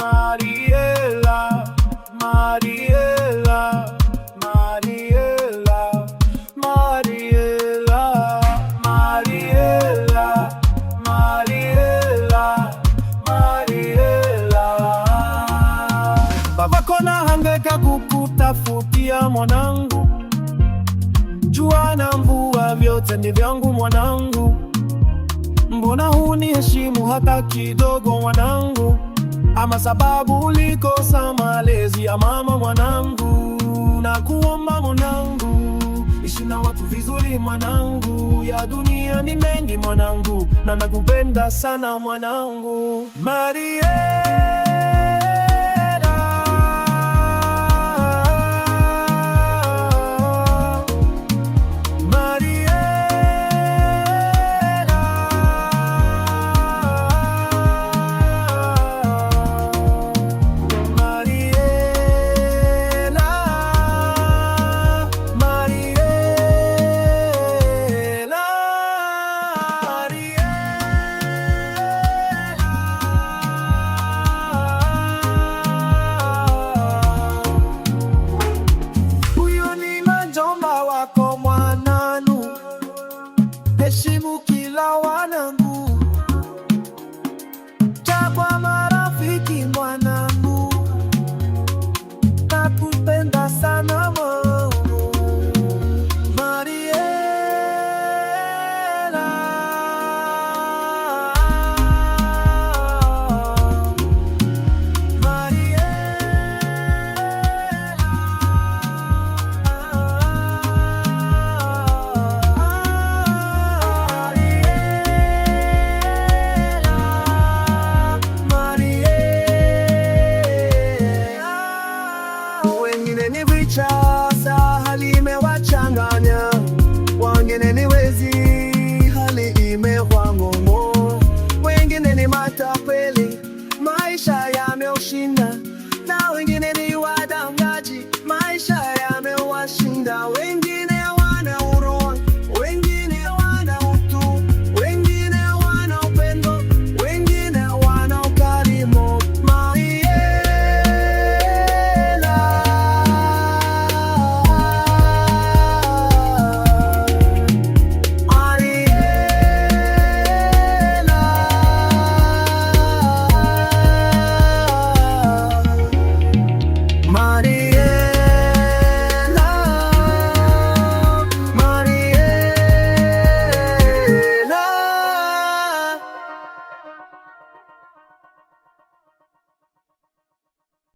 Mariela, Mariela, Mariela, Mariela, Mariela, Mariela, Mariela. Babako na hangeka kukutafutia mwanangu, jua na mvua vyote ni vyangu mwanangu, mbona huniheshimu hata kidogo mwanangu ama sababu ulikosa malezi ya mama mwanangu, na kuomba mwanangu, ishi na watu vizuri mwanangu, ya dunia ni mengi mwanangu, na nakupenda sana mwanangu Marie wengine ni vichasa, hali imewachanganya, wengine ni wezi, hali imewang'omo, wengine ni matapeli, maisha yameushinda, na wengine ni wadangaji, maisha yamewashinda wengi